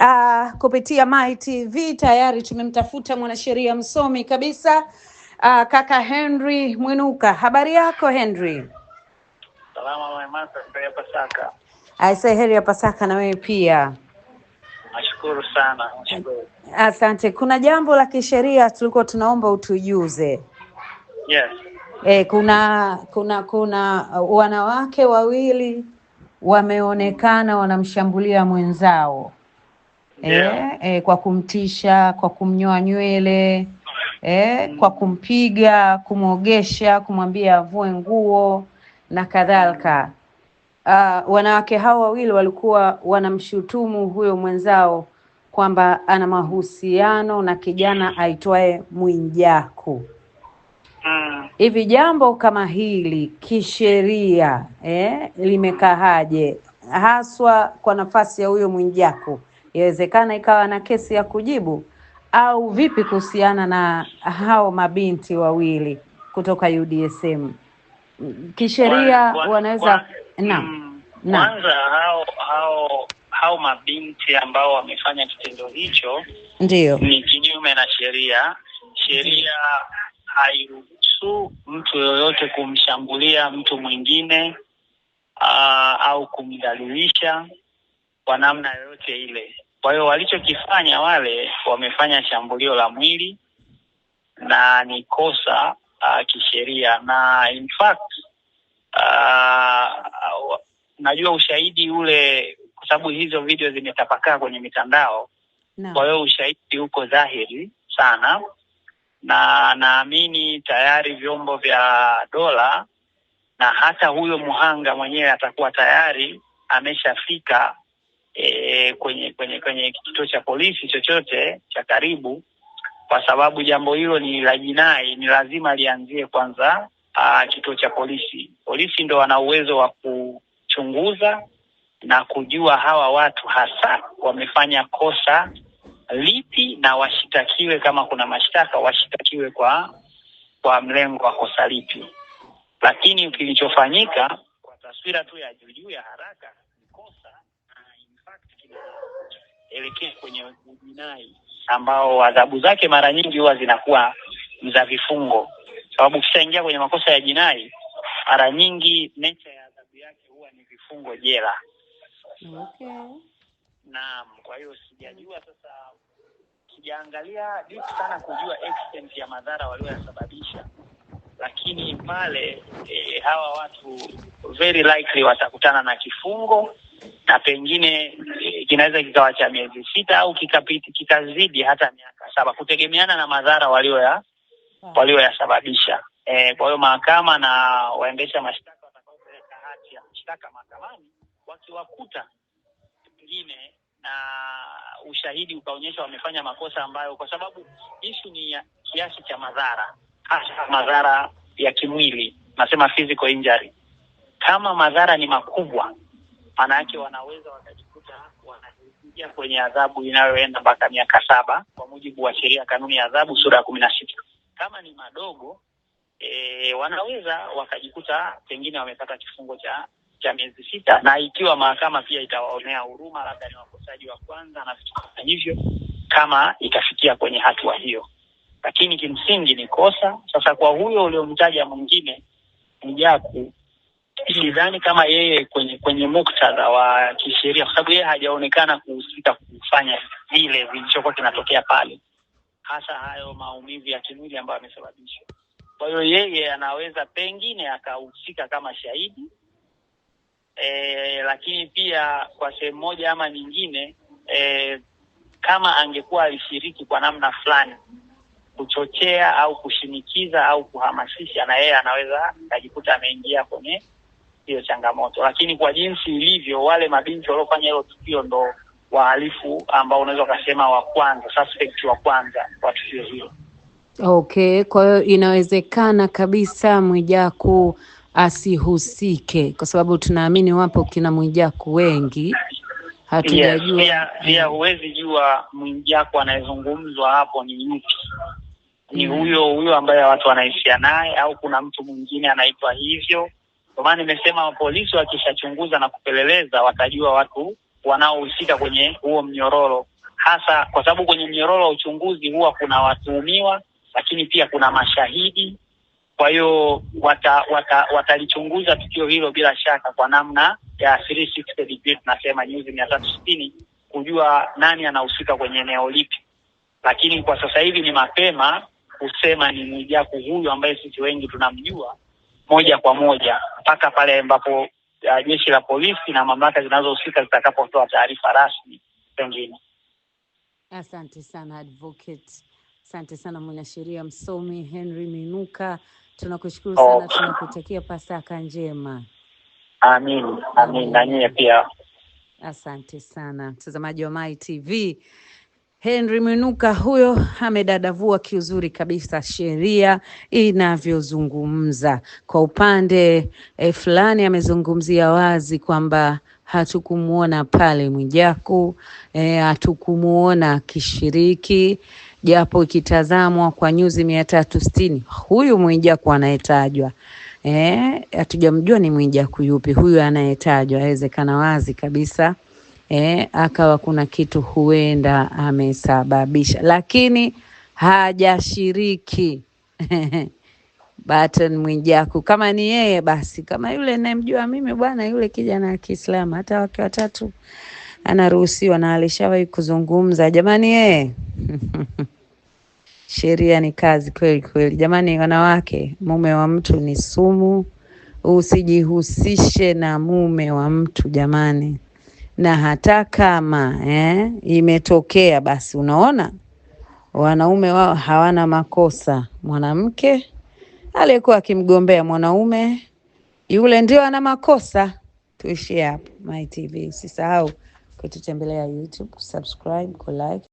uh, kupitia Mai TV tayari tumemtafuta mwanasheria msomi kabisa uh, kaka Henry Mwinuka. Habari yako Henry? Salama, Pasaka. heri ya Pasaka na wewe pia. Nashukuru sana, nashukuru. Asante. Kuna jambo la kisheria tulikuwa tunaomba utujuze. Yes. E, kuna kuna kuna wanawake wawili wameonekana wanamshambulia mwenzao Eh, yeah. E, e, kwa kumtisha, kwa kumnyoa nywele e, kwa kumpiga, kumwogesha, kumwambia avue nguo na kadhalika. Uh, wanawake hao wawili walikuwa wanamshutumu huyo mwenzao kwamba ana mahusiano na kijana aitwaye Mwijaku. Mm. Hivi jambo kama hili kisheria eh, limekahaje haswa kwa nafasi ya huyo Mwijaku Yawezekana ikawa na kesi ya kujibu au vipi kuhusiana na hao mabinti wawili kutoka UDSM kisheria wanaweza Kwanza hao hao hao mabinti ambao wamefanya kitendo hicho ndio ni kinyume na sheria. Sheria hairuhusu mtu yoyote kumshambulia mtu mwingine aa, au kumdhalilisha kwa namna yoyote ile. Kwa hiyo walichokifanya wale, wamefanya shambulio la mwili na ni kosa uh, kisheria na in fact uh, najua ushahidi ule, kwa sababu hizo video zimetapakaa kwenye mitandao no. Kwa hiyo ushahidi uko dhahiri sana, na naamini tayari vyombo vya dola na hata huyo muhanga mwenyewe atakuwa tayari ameshafika e, kwenye kwenye kwenye kituo cha polisi chochote cha karibu, kwa sababu jambo hilo ni la jinai, ni lazima lianzie kwanza a, kituo cha polisi. Polisi ndo wana uwezo wa kuchunguza na kujua hawa watu hasa wamefanya kosa lipi na washitakiwe, kama kuna mashtaka washitakiwe kwa kwa mlengo wa kosa lipi. Lakini kilichofanyika kwa taswira tu ya juu ya haraka kuelekea kwenye jinai ambao adhabu zake mara nyingi huwa zinakuwa za vifungo, sababu ukishaingia kwenye makosa ya jinai mara nyingi nature ya adhabu yake huwa ni vifungo jela. Okay. Naam, kwa hiyo sijajua sasa, sijaangalia deep sana kujua extent ya madhara walioyasababisha, lakini pale e, hawa watu very likely watakutana na kifungo na pengine kinaweza kikawa cha miezi sita au kikapiti kikazidi hata miaka saba kutegemeana na madhara walioya walioyasababisha. E, kwa hiyo mahakama na waendesha mashtaka watakaopeleka hati ya mashtaka mahakamani wakiwakuta pengine na ushahidi ukaonyesha wamefanya makosa ambayo, kwa sababu ishu ni ya kiasi cha madhara, hasa madhara ya kimwili, nasema physical injury. Kama madhara ni makubwa, maana yake wanaweza wakaji wanaingia kwenye adhabu inayoenda mpaka miaka saba kwa mujibu wa sheria kanuni ya adhabu sura ya kumi na sita. Kama ni madogo e, wanaweza wakajikuta pengine wamepata kifungo cha cha miezi sita, na ikiwa mahakama pia itawaonea huruma, labda ni wakosaji wa kwanza na vitu kama hivyo, kama itafikia kwenye hatua hiyo, lakini kimsingi ni kosa. Sasa kwa huyo uliomtaja mwingine Mjaku sidhani kama yeye kwenye kwenye muktadha wa kisheria, kwa sababu yeye hajaonekana kuhusika kufanya vile vilichokuwa kinatokea pale, hasa hayo maumivu ya kimwili ambayo amesababishwa. Kwa hiyo yeye anaweza pengine akahusika kama shahidi e, lakini pia kwa sehemu moja ama nyingine e, kama angekuwa alishiriki kwa namna fulani kuchochea au kushinikiza au kuhamasisha, na yeye anaweza akajikuta ameingia kwenye hiyo changamoto, lakini kwa jinsi ilivyo, wale mabinti waliofanya hilo tukio ndo wahalifu ambao unaweza ukasema wa kwanza, suspect wa kwanza wa tukio hilo. Okay, kwa hiyo inawezekana kabisa Mwijaku asihusike kwa sababu tunaamini wapo kina Mwijaku wengi, hatujajua. Yes, pia huwezi jua Mwijaku anayezungumzwa hapo ni yupi? Ni mm. huyo huyo ambaye watu wanaishia naye, au kuna mtu mwingine anaitwa hivyo? Kwa maana nimesema polisi wakishachunguza na kupeleleza watajua watu wanaohusika kwenye huo mnyororo, hasa kwa sababu kwenye mnyororo wa uchunguzi huwa kuna watuhumiwa, lakini pia kuna mashahidi. Kwa hiyo watalichunguza wata, wata tukio hilo bila shaka kwa namna ya 360 degree, tunasema nyuzi mia tatu sitini kujua nani anahusika kwenye eneo lipi, lakini kwa sasa hivi ni mapema kusema ni Mwijaku huyu ambaye sisi wengi tunamjua moja kwa moja mpaka pale ambapo uh, jeshi la polisi na mamlaka zinazohusika zitakapotoa taarifa rasmi pengine. Asante sana advocate, asante sana mwanasheria msomi Henry Minuka, tunakushukuru oh. sana oh. Tunakutakia Pasaka njema. Amin, amin, na nyie pia. Asante sana mtazamaji wa Mai TV. Henry Mwinuka huyo amedadavua kiuzuri kabisa sheria inavyozungumza kwa upande e, fulani amezungumzia wazi kwamba hatukumuona pale Mwijaku e, hatukumuona kishiriki, japo ikitazamwa kwa nyuzi mia tatu sitini huyu Mwijaku anayetajwa eh, hatujamjua e, ni Mwijaku yupi huyu anayetajwa, awezekana wazi kabisa eh, akawa kuna kitu huenda amesababisha, lakini hajashiriki Button Mwijaku, kama ni yeye basi, kama yule nayemjua mimi bwana, yule kijana wa Kiislamu hata wake watatu anaruhusiwa na alishawahi kuzungumza. Jamani yeye eh. sheria ni kazi kweli kweli. Jamani wanawake, mume wa mtu ni sumu, usijihusishe na mume wa mtu jamani na hata kama eh, imetokea basi, unaona wanaume wao hawana makosa. Mwanamke aliyekuwa akimgombea mwanaume yule ndio ana makosa. Tuishie hapo. MAI TV, usisahau kututembelea YouTube, kusubscribe, kulike.